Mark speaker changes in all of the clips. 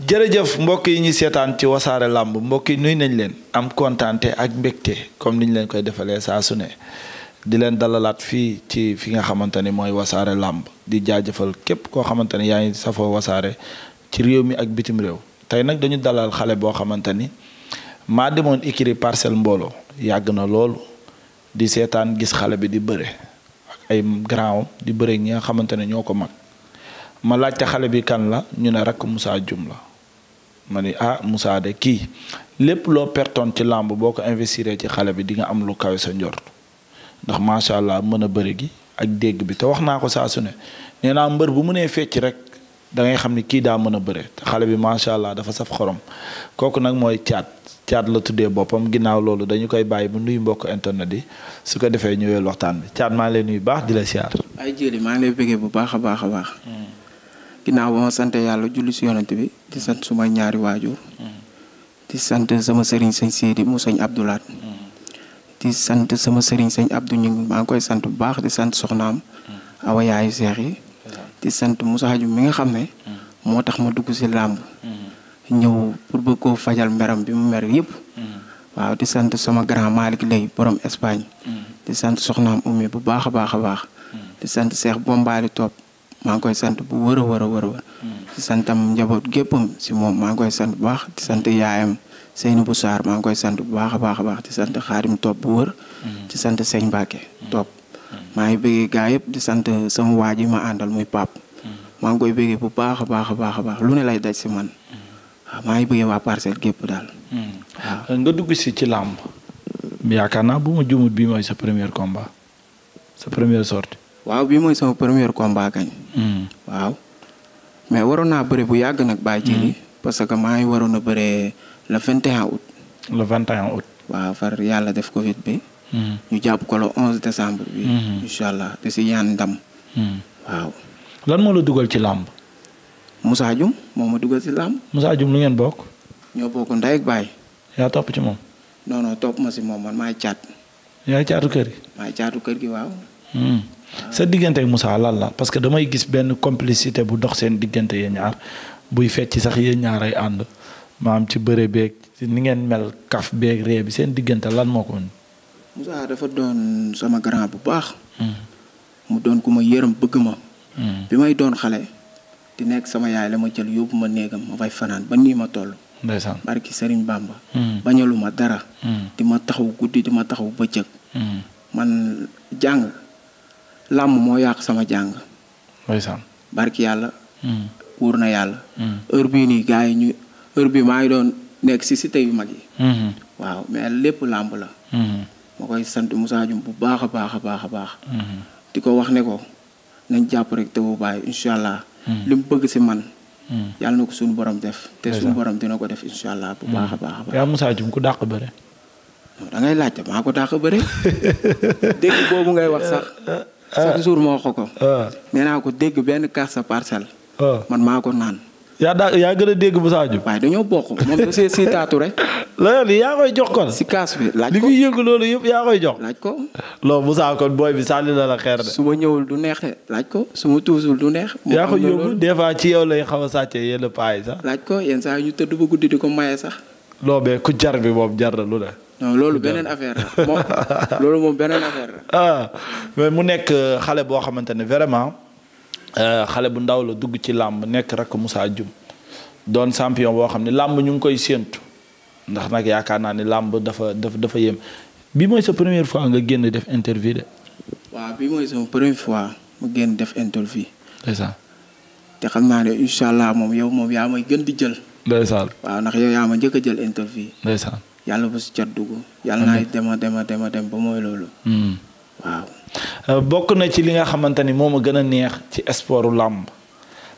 Speaker 1: jërëjëf mbokk yi ñu seetaan ci wasaare làmb mbokk yi nuy nañ leen am kontaante ak mbégte comme niñ leen koy defalee saa su ne di leen dalalaat fii ci fi nga xamante ni mooy wasaare làmb di jaajëfal képp koo xamante ni yaa ngi safoo wasaare ci réew mi ak bitim réew tey nag dañu dalal xale boo xamante ni maa demoon ikiri parcelle mbooloo yàgg na loolu di seetaan gis xale bi di bëre ak ay grand di bëre ñi nga xamante ne ñoo ko mag ma laajte xale bi kan la ñu ne rakk Moussa Dioum la ma ni ah Moussa de kii lépp loo pertoon ci làmb boo ko investire ci xale bi di nga am lu kawe sa njort ndax macha allah mën a bëri gi ak dégg bi te wax naa ko saa su ne nee naa mbër bu mënee fecc rek da ngay xam ni kii daa mën a bëre te xale bi macha allah dafa saf xorom kooku nag mooy caat caat la tuddee boppam ginnaaw loolu dañu koy bàyyi bu nuyu mbokk internet yi su ko defee ñëweel
Speaker 2: waxtaan bi caat maa leen lay nuyu
Speaker 1: baax di la siyaar.
Speaker 2: ay maa ngi bëggee baax a baax a baax. Hmm. ginnaaw ba ma sant yàlla julli si yonent bi di sant suma ñaari waajur di sant sama sëriñ sëñ Seydi mu sëñ Abdoulaat di sant sama sëriñ sëñ Abdou Ngingue maa ngi koy sant bu baax di sant soxnaam awa seex yi sant Moussa Hadj mi nga xam ne moo tax ma dugg si làmb ñëw pour bëgg fajal meram bi mu mer yëpp waaw di sant sama grand Malick Lay borom di sant soxnaam ummi bu baax a baax a baax di sant seex bombaali topp maa ngi koy sant bu wër a wër a wër si santam njaboot géppam si moom maa ngi koy sant bu baax di sant yaayam Seyni bu Saar maa ngi koy sant bu baax a baax a baax di sant xaarim topp bu wër ci sant sëñ Mbàkke topp maa ngi bëggee gaa yëpp di sant sama waa ji ma àndal muy pap maa ngi koy bëggee bu baax a baax a baax a baax lu ne lay daj si man waaw maa ngi bëggee waa parcelle gépp daal waaw nga dugg si ci làmb
Speaker 1: yaakaar naa bu ma juumut bi mooy sa première combat sa première
Speaker 2: sortie waaw bii mooy sama premier combat kañ. Hmm. waaw mais waroon naa bëre bu yàgg nag bàyyi jëli hmm. parce que maa ngi waroon a bëre le 21 août. le 21 août. waaw far yàlla def Covid bi. Hmm. ñu jàpp ko le 11 décembre bi. incha allah di si yaan ndam. waaw. lan moo la dugal ci làmb. Moussa Dioum moo ma dugal ci làmb. Moussa lu ngeen bokk. ñoo bokk ndey ak baay. yaa topp ci moom. non non topp ma si moom man maay caat.
Speaker 1: yaay caatu kër gi.
Speaker 2: maay caatu kër gi waaw.
Speaker 1: sa diggante ak Moussa lan la parce que damay gis benn complicité bu dox seen diggante yéen ñaar buy fecc sax yéen ñaar ay ànd maam ci bëre beeg ni ngeen mel kaf beeg ree bi seen diggante lan moo ko woon.
Speaker 2: Moussa dafa doon sama grand bu baax. Hmm. mu doon ku ma yërëm bëgg ma. Hmm. bi may doon xale. di nekk sama yaay la ma jël yóbbu ma néegam ma fay fanaan ba nii ma toll. ndeysaan barki Serigne Bamba. Hmm. bañalu ma dara. di ma taxaw guddi di ma taxaw bëccëg. man jàng. làmb moo yàq sama jàng. ndeysaan barki yàlla. Hmm. wóor na yàlla. Hmm. heure bii nii gars yi ñu heure bii maa ngi doon nekk si cité yu mag yi. Hmm. waaw mais lépp làmb la. ma koy sant Moussa bu baax a baax a baax a baax. di ko wax ne ko nañ jàpp rek te bu bàyyi incha allah. li mu bëgg si man. yàlla na ko suñu borom def. te suñu borom dina ko def incha allah bu baax a baax a baax.
Speaker 1: yaa Moussa ku dàq bëre.
Speaker 2: da ngay laajte maa ko dàq bëre dégg boobu ngay wax sax. Eh, eh, chaque ah. jour moo ko ko. Ah. nee naa ko dégg benn kaas sa parcelle. Ah. man maa ko naan. yaa daa yaa gën a dégg Moussa Diouf. waaye dañoo bokk moom da see si taatu rek. loolu yaa koy jox kon. si kaas bi laaj ko li muy yëngu loolu yëpp yaa koy jox. laaj ko. loolu Moussa kon booy bi sànni na la xeer de. su ma ñëwul du neex de laaj ko su ma tuusul du neex. yaa ko yóbbu des fois ci yow lay xaw a sàccee yenn paa yi sax. laaj ko yenn saa ñu tëdd ba guddi di ko maye sax. non
Speaker 1: mais ku jar bi boobu jar na lu ne.
Speaker 2: loolu beneen affaire la moom loolu moom beneen affaire la.
Speaker 1: Ah, mais mu nekk euh, xale boo xamante ne vraiment euh, xale bu ndaw la dugg ci làmb nekk rek Moussa Dioum doon champion boo xam ne làmb ñu ngi koy séentu ndax nag yaakaar naa ne làmb dafa dafa dafa yem bi mooy sa première fois nga génn def interview de.
Speaker 2: waaw bi mooy sama première fois mu génn def interview. c'est ça. te xam naa ni incha allah moom yow moom yaa mooy gën di jël. ndeysaan waaw ndax yow yaa ma njëkk a jël interview. ndeysaan yàlla bu si jot dugg. yàlla naa dema dema dema dem ba mooy loolu.
Speaker 1: Hmm. Euh, bokk na ci li nga xamante ni moo ma gën a neex ci sportu làmb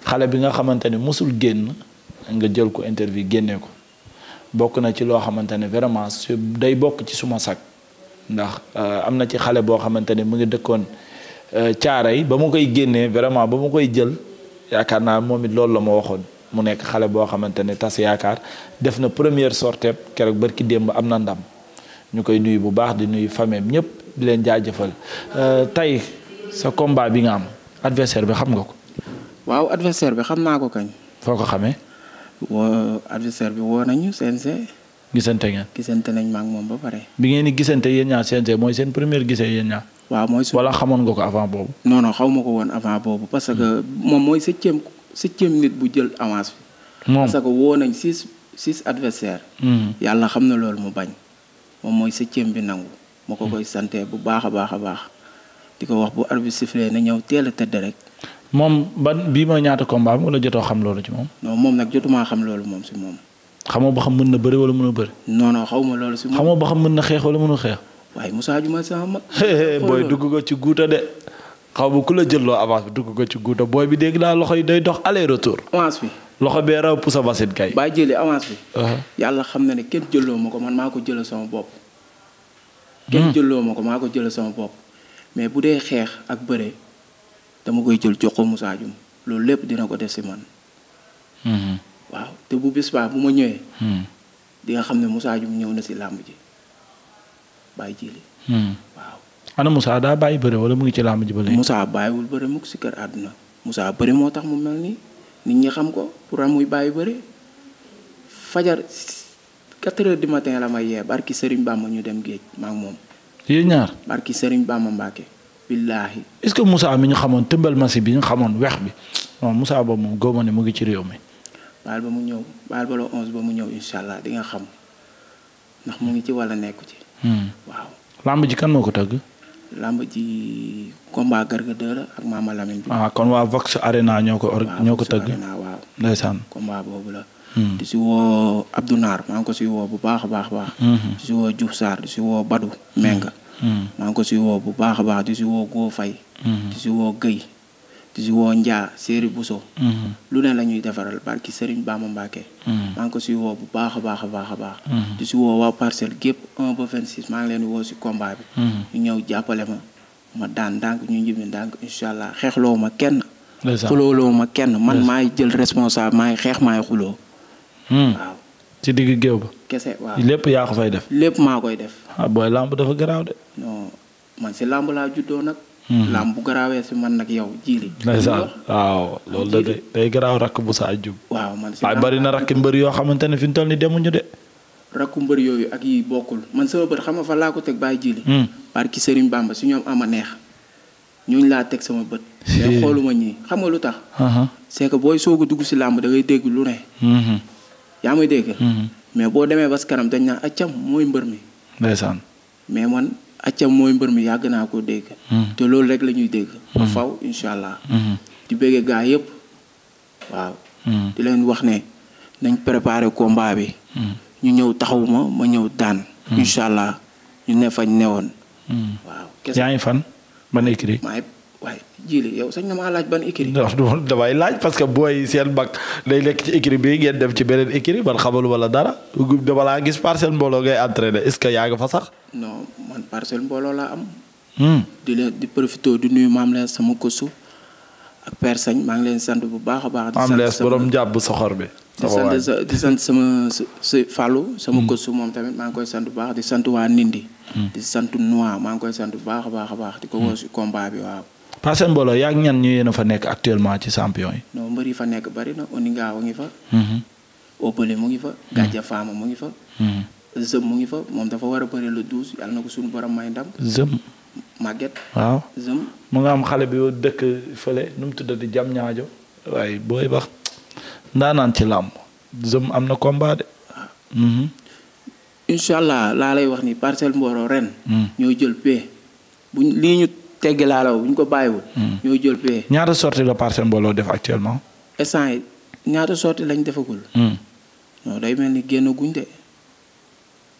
Speaker 1: xale bi nga xamante ni mosul génn nga jël ko interview génne ko bokk na ci loo xamante ne vraiment su day bokk ci suma sag ndax euh, am na ci xale boo xamante ni mu ngi dëkkoon caara euh, yi ba mu koy génnee vraiment ba mu koy jël yaakaar naa moom it loolu la ma waxoon. mu nekk xale boo xamante ne tas yaakaar def na première sortie keroog bërki démb am na ndam ñu koy nuyu bu baax di nuyu famille ñëpp di leen jaajëfal euh, tey sa combat bi nga am adversaire bi xam nga ko. waaw adversaire
Speaker 2: bi xam naa ko kañ. foo ko xamee. woo adversaire bi woo nañu CNG. gisante ngeen. gisante nañ ma moom ba pare.
Speaker 1: bi ngeen di gisante yéen ñaar CNG mooy seen première gisee yéen ñaar. waaw mooy su wala xamoon nga ko avant boobu.
Speaker 2: non xaw ma ko woon avant boobu parce que moom mooy septième septième nit bu jël avance bi. moom parce que woo nañ hmm. xam na loolu mu bañ. moom mooy septième bi nangu. ma ko hmm. koy sante bu baax a baax a baax. di ko wax bu arbitre sifflé na ñëw teel a tëdd rek.
Speaker 1: moom ban
Speaker 2: bii mooy ñaata combat
Speaker 1: wala jotoo xam loolu ci moom.
Speaker 2: non moom nag jotumaa xam loolu moom si moom. xamoo ba xam mën na bëri wala mën a bëri. xaw ma loolu si moom. xamoo ba na xeex wala mënul xeex. waaye Moussa Diouma sama mag. dugg
Speaker 1: ko ci guuta de. xaw ma ku la jëlloo avance bi dugg ko ci guuta booy bi dégg naa loxo yi day dox
Speaker 2: aller retour. avance bi loxo bee raw pousa basin kay. baa jëlee avance bi. Uh-huh. yàlla xam na ne kenn jëlloo ma ko man maa ko jëlal sama bopp. kenn hmm. jëlloo ma ko maa ko jëlal sama bopp mais bu dee xeex ak bëre dama koy jël jox ko Moussa loolu lépp dina ko def si man. Hmm. waaw te bu bis baa bu ma ñëwee. Hmm. di nga xam ne Moussa Dioum ñëw na si làmb ji baa jëlee. waaw. ana Moussa daa bàyyi bëre wala mu ngi ci làmb ji ba léegi. Moussa bàyyiwul bëre mukk si kër àdduna Moussa bëre moo tax mu mel nii nit ñi xam ko pour am muy bàyyi bëre fajar 4 heures du matin la may yee barki Serigne Bamba ñu dem géej maa moom. yéen ñaar barki Serigne Bamba Mbacke. billaahi
Speaker 1: est-ce que Moussa mi ñu xamoon tëmbal masi bi ñu xamoon weex bi non Moussa boobu moom góob ne mu ngi ci réew mi.
Speaker 2: baal ba mu ñëw baal ba la ba mu ñëw incha allah di nga xam ndax mu ngi ci wala nekku ci.
Speaker 1: Hmm. waaw. ko tëgg.
Speaker 2: làmb ji combat Garga 2 la a Mama Lamine bi. ah
Speaker 1: kon waa Vox Arena ñoo ko. ñoo ko tëgg
Speaker 2: waaw ndeysaan combat boobu la. Hmm. di si woo Abdou Naar maa ngi ko si woo bu baax a baax baax. Hmm. di si woo Diouf di si woo Badou Menga. Hmm. maa ngi ko si woo bu baax a baax di si woo Go di si woo Guèye. di woo Njaa Séeri Bousso. Mhm. lu ne la ñuy defaral barki Serigne Bamba Mbacké. Mhm. maa ngi ko si woo bu baax a baax a baax a baax. Mhm. di si woo waa parcelle gépp 1 ba 26 maa ngi leen di woo si combat bi. ñu ñëw jàppale ma ma daan ndànk ñu njëbi ndànk incha allah xeexloo ma kenn.
Speaker 1: xulooloo
Speaker 2: ma kenn man maay jël responsable maay xeex maay xuloo. Hmm. waaw
Speaker 1: ci digg géew ba. kese waaw lépp yaa ko fay def.
Speaker 2: lépp maa koy def.
Speaker 1: Ah, booy làmb dafa garaaw de.
Speaker 2: man si làmb laa juddoo nag. Mhm. laam bu garaawee si man nag yow jiili. ndeysaan
Speaker 1: waaw loolu da day day garaaw rakk bu sa ajjub. waaw man si bari na rakk mbër yoo xamante ne fi mu toll de.
Speaker 2: rakku mbër yooyu ak yi bokkul man sama bët xam nga fa laa ko teg bàyyi jiili. parce que Serigne Bamba si ñoom ama neex ñooñu laa teg sama bët. mais xooluma ñii xam nga lu tax. c'est que booy soog dugg si làmb da ngay dégg lu ne. Hmm. yaa may dégg. Hmm. mais boo demee bas kanam dañ naan accam mooy mbër mi. ndeysaan mais man. acca mooy mbër mi yàgg naa koo dégg. Hmm. te loolu rek la ñuy dégg. ba hmm. faw incha allah. Hmm. di bëggee gaa yëpp waaw. di leen wax ne nañ préparé combat bi. ñu ñëw taxaw ma ma ñëw daan. incha allah ñu ne fañ newoon. waaw kese yaa ngi fan ba waaye jili yow sañ na maa laaj ban écurie. ndax du damay laaj parce que booy
Speaker 1: seen mag day nekk ci écurie bi ngeen dem ci beneen écurie man xamalu wala dara dama laa gis parcelle mbooloo ngay entraîné est ce que yaa nga fa sax.
Speaker 2: non parcelle mbooloo laa am. Hmm. di leen di profité di nuyu maam leen sama kosu ak père Sagne maa ngi leen sant bu baax a baax. di sant sama maam lees borom
Speaker 1: jàpp soxor bi. di
Speaker 2: di sant sama si Fallou. sama hmm. kosu moom tamit maa ngi koy sant bu baax di sant waa Nindi. Hmm. di sant Noa maa ngi koy sant bu baax a baax a baax. di ko woo si bi waaw.
Speaker 1: Passe Mbolo yaa ñan ñu yéen fa nekk actuellement ci champion yi.
Speaker 2: non mbër yi fa nekk bari na Oninga mu ngi fa. Mhm. Opele mu ngi fa. Mhm. Gadja Fama mu ngi fa. Mhm. mu ngi fa moom dafa war a bëri le douze yàlla na ko suñu borom may ndam. Zëm. màgget waaw Zëm.
Speaker 1: mu nga am xale bi dëkk fële nu mu tuddati jam ñaajo waaye booy bax ndaanaan ci làmb Zëm am na combat de.
Speaker 2: incha allah laa lay wax ni Parcelles Mboro ren. ñoo jël paie bu lii ñu. teggi laalaw bu ñu ko bàyyiwul. Hmm. ñoo jël pee.
Speaker 1: ñaata sortie la parcelle mbooloo def actuellement.
Speaker 2: instant yi ñaata sortie lañ defagul. Hmm. non day mel ni génn guñ de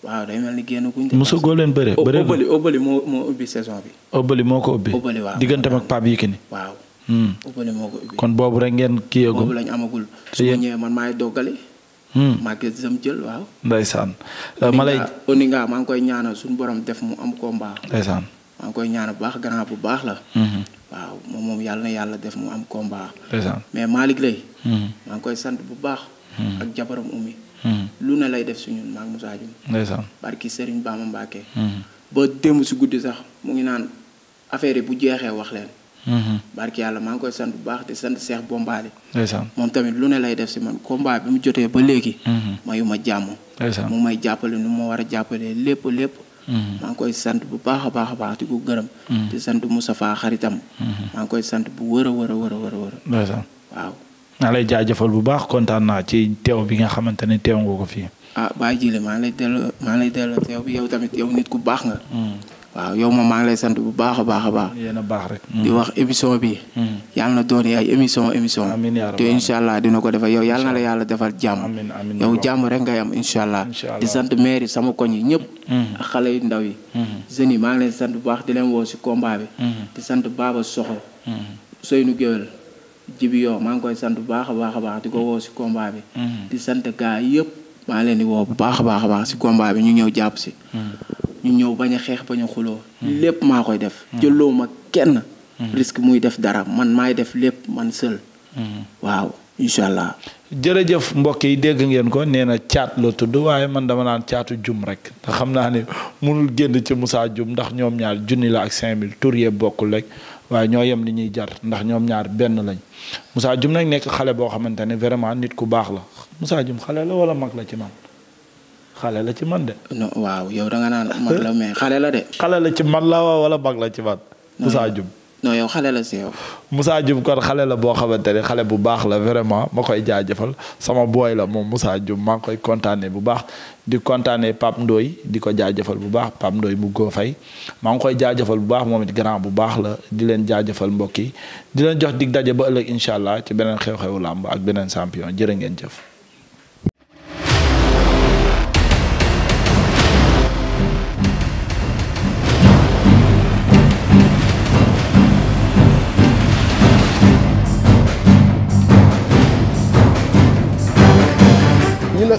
Speaker 2: waaw day ni génn guñ de. mosu
Speaker 1: góor leen bëree bëree
Speaker 2: obali moo ubbi saison bi.
Speaker 1: obali moo ko ubbi obali waaw digganteem ak Pape Yékini. waaw hmm. obali moo kon boobu rek ngeen kii yeegul boobu lañ
Speaker 2: amagul. su ma man maay doggali. maa ngi sam jël waaw.
Speaker 1: ndeysaan. ma lay
Speaker 2: Oninga maa ngi koy ñaana suñu borom def mu am combat. ndeysaan. maa ngi koy ñaan bu baax grand bu baax la. Mhm. waaw moom moom yàlla na yàlla def mu am combat. mais Malick lay mhm. maa ngi koy sant bu baax. Mhm. ak jabaram ummi. lu ne lay def suñu maa ngi Moussa Dioum. ndeysaan barki Serigne Bamba ba démb si guddi sax mu ngi naan affaire bu jeexee wax leen. barki yàlla maa ngi koy sant bu baax di sant Cheikh Bombali. ndeysaan moom tamit lu ne lay def si man combat bi mu jotee ba léegi. mayu ma jàmm. ndeysaan mu may jàppale nu ma war a jàppalee lépp lépp. Mm-hmm. maa ngi koy sant bu baax a baax a baax di ko gërëm. Mm-hmm. di sant Moustapha xaritam. Mm-hmm. maa ngi koy sant bu wër a wër a a wër. waaw. naa
Speaker 1: lay jaajëfal bu baax kontaan naa ci teew bi nga xamante ne teew fii.
Speaker 2: ah bàyyi jile maa ngi lay delloo maa ngi lay teew bi yow tamit yow nit ku baax nga. waaw yow moom maa ngi lay sant bu baax a baax a baax.
Speaker 1: yéen a baax rek.
Speaker 2: di wax émission bi. yàlla na doon ay émission émission. amiin yaa te incha dina ko defal yow yàlla na la yàlla defal jàmm. amiin jàmm rek ngay am incha allah. di sant maire sama koñ yi ñëpp. ak xale yu ndaw yi. Mm-hmm. jeunes yi maa ngi leen sant bu baax di leen woo si combat bi. Mm-hmm. di sant Baba Soxo. Mm-hmm. Seynu Géwél Jibi yow maa ngi koy sant bu baax baax a baax di ko woo si combat bi. di sant gaa yëpp maa ngi leen di woo bu baax baax a baax si combat bi ñu ñëw jàpp si. ñu ñëw bañ a xeex bañ a xuloo. lépp maa koy def. jëloo ma kenn. risque muy def dara man maay def lépp man seul. waaw. incha allah.
Speaker 1: jërëjëf mbokk yi dégg ngeen ko nee na caat la tudd waaye man dama naan caatu jum rek ndax xam naa ne munul génn ci Moussa Jum ndax ñoom ñaar junni la ak mille tour yee bokkul rek waaye ñoo yem li ñuy jar ndax ñoom ñaar benn lañ Moussa Jum nag nekk xale boo xamante ne vraiment nit ku baax la Moussa Jum xale la wala mag la ci man. xale la ci man de. yow da nga naan mag mais xale la xale la ci man la wala mag la ci man.
Speaker 2: Moussa Jum. non yow xale si yow.
Speaker 1: Moussa kon xale la boo xamante ne xale bu baax la vraiment ma koy jaa jaajëfal sama booy la moom Moussa Dioum maa ngi koy kontaanee bu baax di kontaanee Pape ndooy di ko jaajëfal bu baax Pape Ndoye mu goo fay maa ngi koy jaajëfal bu baax moom it grand bu baax la di leen jaajëfal mbokk yi di leen jox dig daje ba ëllëg incha allah ci beneen xew-xewu làmb ak beneen champion jërë ngeen jëf.